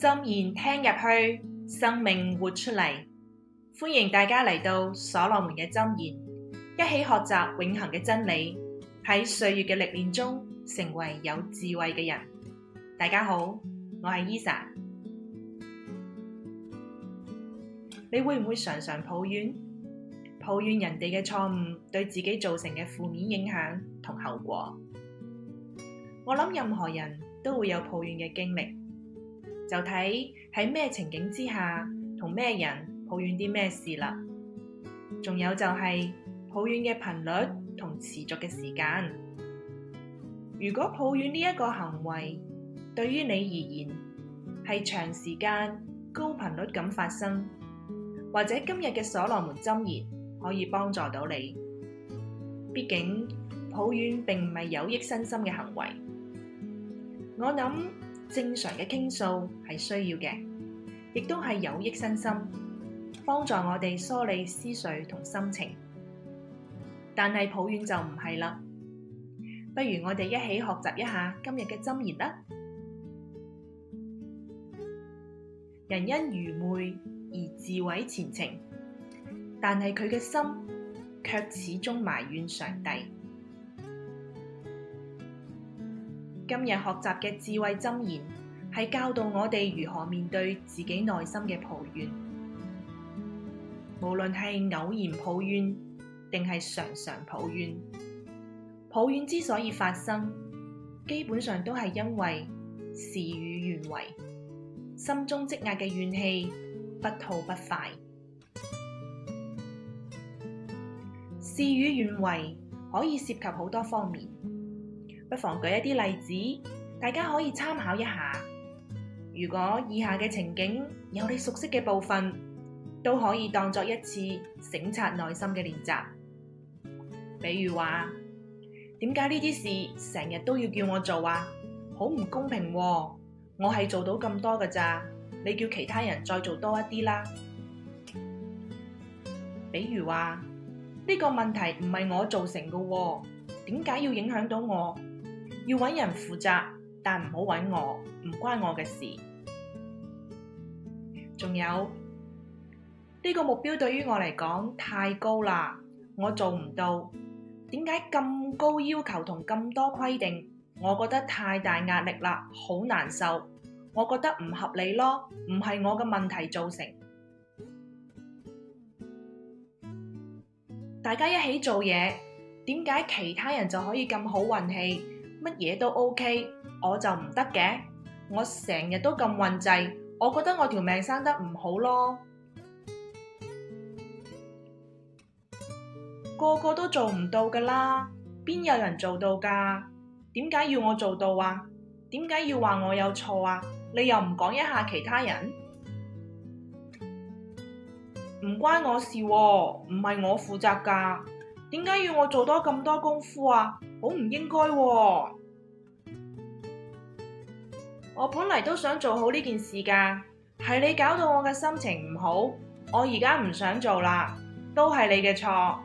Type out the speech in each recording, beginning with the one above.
箴言聽入去，生命活出嚟。歡迎大家嚟到所羅門嘅箴言，一起學習永恒嘅真理，喺歲月嘅歷練中，成為有智慧嘅人。大家好，我係伊莎。你會唔會常常抱怨？抱怨人哋嘅錯誤對自己造成嘅負面影響同後果？我諗任何人都會有抱怨嘅經歷。就睇喺咩情景之下，同咩人抱怨啲咩事啦。仲有就係抱怨嘅頻率同持續嘅時間。如果抱怨呢一個行為對於你而言係長時間、高頻率咁發生，或者今日嘅所羅門箴言可以幫助到你。畢竟抱怨並唔係有益身心嘅行為。我諗。正常嘅傾訴係需要嘅，亦都係有益身心，幫助我哋梳理思緒同心情。但係抱怨就唔係啦，不如我哋一起學習一下今日嘅箴言啦。人因愚昧而自毀前程，但係佢嘅心卻始終埋怨上帝。今日學習嘅智慧箴言，係教導我哋如何面對自己內心嘅抱怨。無論係偶然抱怨，定係常常抱怨，抱怨之所以發生，基本上都係因為事與願違，心中積壓嘅怨氣不吐不快。事與願違可以涉及好多方面。不妨舉一啲例子，大家可以參考一下。如果以下嘅情景有你熟悉嘅部分，都可以當作一次省察內心嘅練習。比如話，點解呢啲事成日都要叫我做啊？好唔公平喎，我係做到咁多㗎咋？你叫其他人再做多一啲啦。比如話，呢個問題唔係我造成嘅喎，點解要影響到我？要搵人負責，但唔好搵我，唔關我嘅事。仲有呢個目標對於我嚟講太高啦，我做唔到。點解咁高要求同咁多規定？我覺得太大壓力啦，好難受。我覺得唔合理咯，唔係我嘅問題造成。大家一起做嘢，點解其他人就可以咁好運氣？乜嘢都 OK，我就唔得嘅。我成日都咁運滯，我覺得我條命生得唔好咯。個個都做唔到噶啦，邊有人做到噶？點解要我做到啊？點解要話我有錯啊？你又唔講一下其他人？唔關我事喎，唔係我負責噶。點解要我做多咁多功夫啊？好唔應該喎、哦。我本來都想做好呢件事㗎，係你搞到我嘅心情唔好，我而家唔想做啦，都係你嘅錯。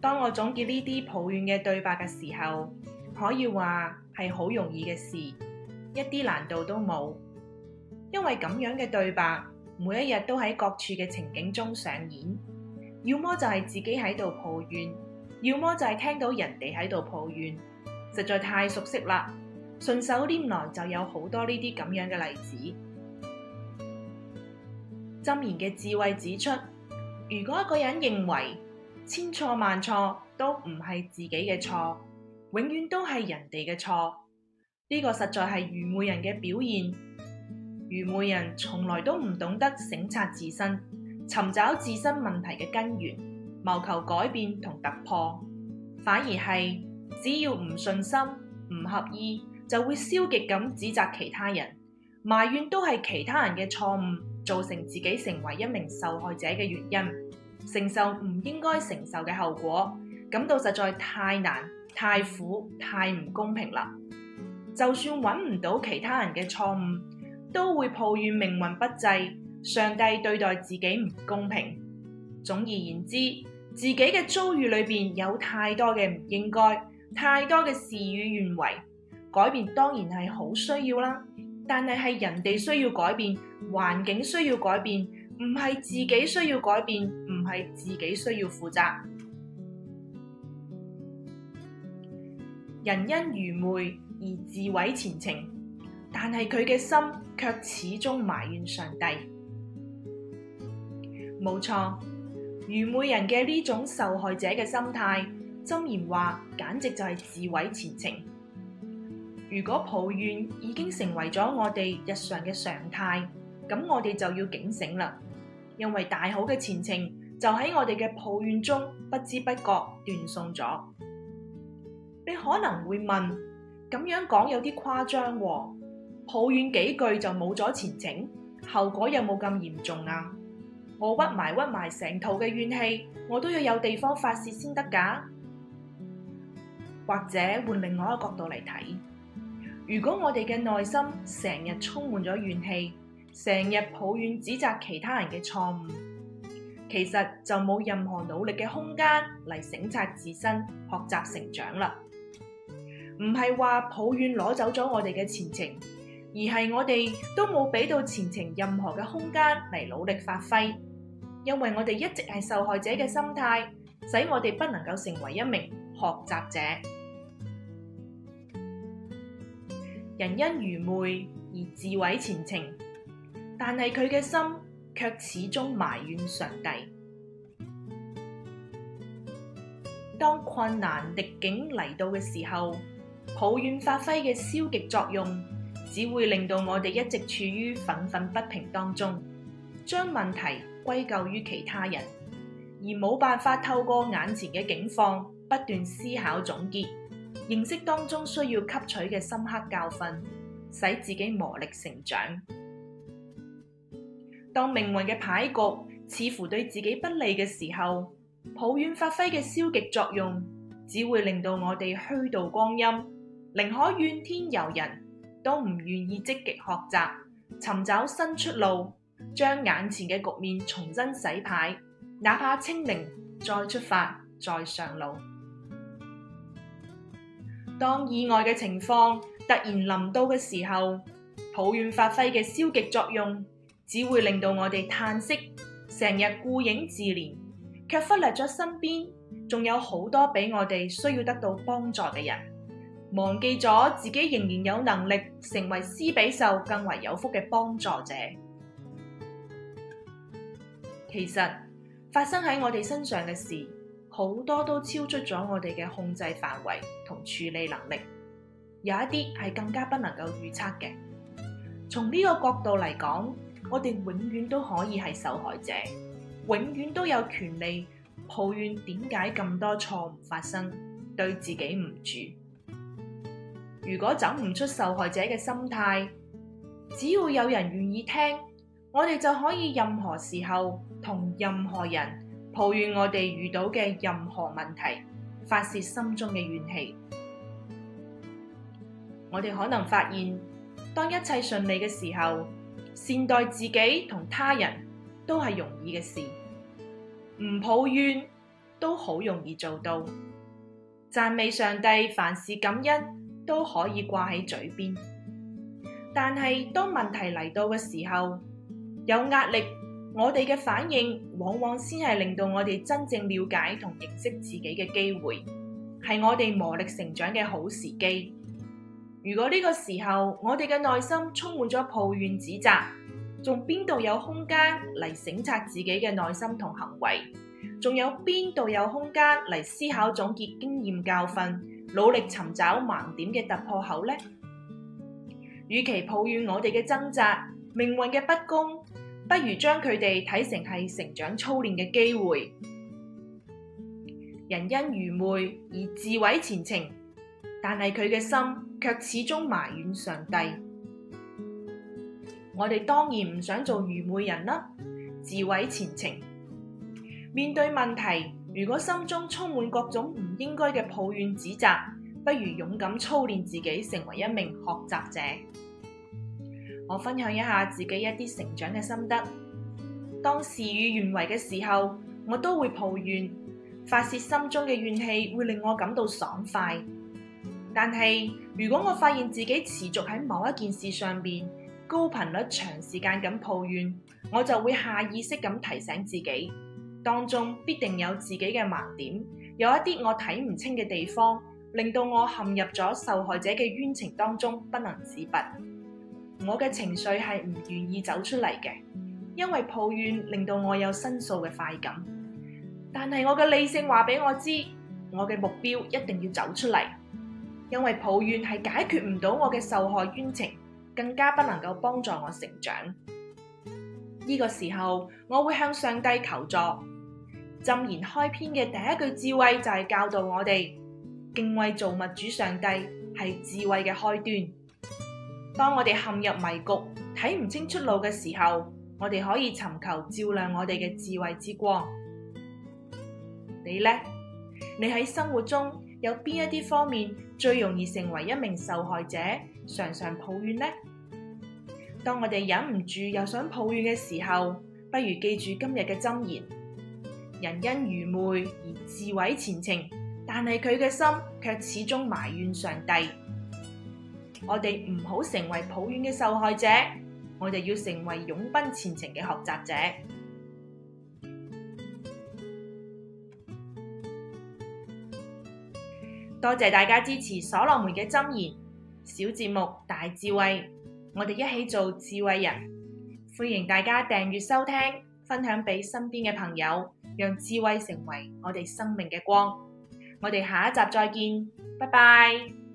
當我總結呢啲抱怨嘅對白嘅時候，可以話係好容易嘅事，一啲難度都冇，因為咁樣嘅對白每一日都喺各處嘅情景中上演，要麼就係自己喺度抱怨，要麼就係聽到人哋喺度抱怨。實在太熟悉啦，順手拈來就有好多呢啲咁樣嘅例子。箴言嘅智慧指出，如果一個人認為千錯萬錯都唔係自己嘅錯，永遠都係人哋嘅錯，呢個實在係愚昧人嘅表現。愚昧人從來都唔懂得省察自身，尋找自身問題嘅根源，謀求改變同突破，反而係。只要唔順心、唔合意，就會消極咁指責其他人，埋怨都係其他人嘅錯誤造成自己成為一名受害者嘅原因，承受唔應該承受嘅後果，感到實在太難、太苦、太唔公平啦。就算揾唔到其他人嘅錯誤，都會抱怨命運不濟、上帝對待自己唔公平。總而言之，自己嘅遭遇裏邊有太多嘅唔應該。太多嘅事與願違，改變當然係好需要啦。但係係人哋需要改變，環境需要改變，唔係自己需要改變，唔係自己需要負責。人因愚昧而自毀前程，但係佢嘅心卻始終埋怨上帝。冇錯，愚昧人嘅呢種受害者嘅心態。箴言話，簡直就係自毀前程。如果抱怨已經成為咗我哋日常嘅常態，咁我哋就要警醒啦，因為大好嘅前程就喺我哋嘅抱怨中不知不覺斷送咗。你可能會問，咁樣講有啲誇張喎，抱怨幾句就冇咗前程，後果有冇咁嚴重啊？我屈埋屈埋成套嘅怨氣，我都要有地方發泄先得㗎。或者換另外一個角度嚟睇，如果我哋嘅內心成日充滿咗怨氣，成日抱怨指責其他人嘅錯誤，其實就冇任何努力嘅空間嚟省察自身、學習成長啦。唔係話抱怨攞走咗我哋嘅前程，而係我哋都冇俾到前程任何嘅空間嚟努力發揮，因為我哋一直係受害者嘅心態，使我哋不能夠成為一名學習者。人因愚昧而自毀前程，但係佢嘅心卻始終埋怨上帝。當困難逆境嚟到嘅時候，抱怨發揮嘅消極作用，只會令到我哋一直處於憤憤不平當中，將問題歸咎於其他人，而冇辦法透過眼前嘅境況不斷思考總結。認識當中需要吸取嘅深刻教訓，使自己磨礪成長。當命運嘅牌局似乎對自己不利嘅時候，抱怨發揮嘅消極作用，只會令到我哋虛度光陰。寧可怨天尤人，都唔願意積極學習，尋找新出路，將眼前嘅局面重新洗牌，哪怕清零，再出發，再上路。當意外嘅情況突然臨到嘅時候，抱怨發揮嘅消極作用，只會令到我哋嘆息，成日顧影自憐，卻忽略咗身邊仲有好多比我哋需要得到幫助嘅人，忘記咗自己仍然有能力成為施比受更為有福嘅幫助者。其實發生喺我哋身上嘅事。好多都超出咗我哋嘅控制範圍同處理能力，有一啲係更加不能夠預測嘅。從呢個角度嚟講，我哋永遠都可以係受害者，永遠都有權利抱怨點解咁多錯誤發生，對自己唔住。如果走唔出受害者嘅心態，只要有人願意聽，我哋就可以任何時候同任何人。抱怨我哋遇到嘅任何問題，發洩心中嘅怨氣。我哋可能發現，當一切順利嘅時候，善待自己同他人都係容易嘅事，唔抱怨都好容易做到。贊美上帝，凡事感恩都可以掛喺嘴邊。但係當問題嚟到嘅時候，有壓力。我哋嘅反應往往先係令到我哋真正了解同認識自己嘅機會，係我哋磨礪成長嘅好時機。如果呢個時候我哋嘅內心充滿咗抱怨、指責，仲邊度有空間嚟省察自己嘅內心同行為？仲有邊度有空間嚟思考、總結經驗教訓、努力尋找盲點嘅突破口呢？與其抱怨我哋嘅掙扎、命運嘅不公。不如將佢哋睇成係成長操練嘅機會。人因愚昧而自毀前程，但係佢嘅心卻始終埋怨上帝。我哋當然唔想做愚昧人啦，自毀前程。面對問題，如果心中充滿各種唔應該嘅抱怨指責，不如勇敢操練自己，成為一名學習者。我分享一下自己一啲成長嘅心得。當事與願違嘅時候，我都會抱怨，發洩心中嘅怨氣會令我感到爽快。但係如果我發現自己持續喺某一件事上邊高頻率、長時間咁抱怨，我就會下意識咁提醒自己，當中必定有自己嘅盲點，有一啲我睇唔清嘅地方，令到我陷入咗受害者嘅冤情當中，不能自拔。我嘅情緒係唔願意走出嚟嘅，因為抱怨令到我有申訴嘅快感。但係我嘅理性話俾我知，我嘅目標一定要走出嚟，因為抱怨係解決唔到我嘅受害冤情，更加不能夠幫助我成長。呢個時候我會向上帝求助。箴言開篇嘅第一句智慧就係教導我哋敬畏造物主上帝係智慧嘅開端。當我哋陷入迷局，睇唔清出路嘅時候，我哋可以尋求照亮我哋嘅智慧之光。你呢？你喺生活中有邊一啲方面最容易成為一名受害者，常常抱怨呢？當我哋忍唔住又想抱怨嘅時候，不如記住今日嘅箴言：人因愚昧而自毀前程，但係佢嘅心卻始終埋怨上帝。我哋唔好成為抱怨嘅受害者，我哋要成為勇奔前程嘅學習者。多謝大家支持所羅門嘅箴言小節目，大智慧，我哋一起做智慧人。歡迎大家訂閱收聽，分享俾身邊嘅朋友，讓智慧成為我哋生命嘅光。我哋下一集再見，拜拜。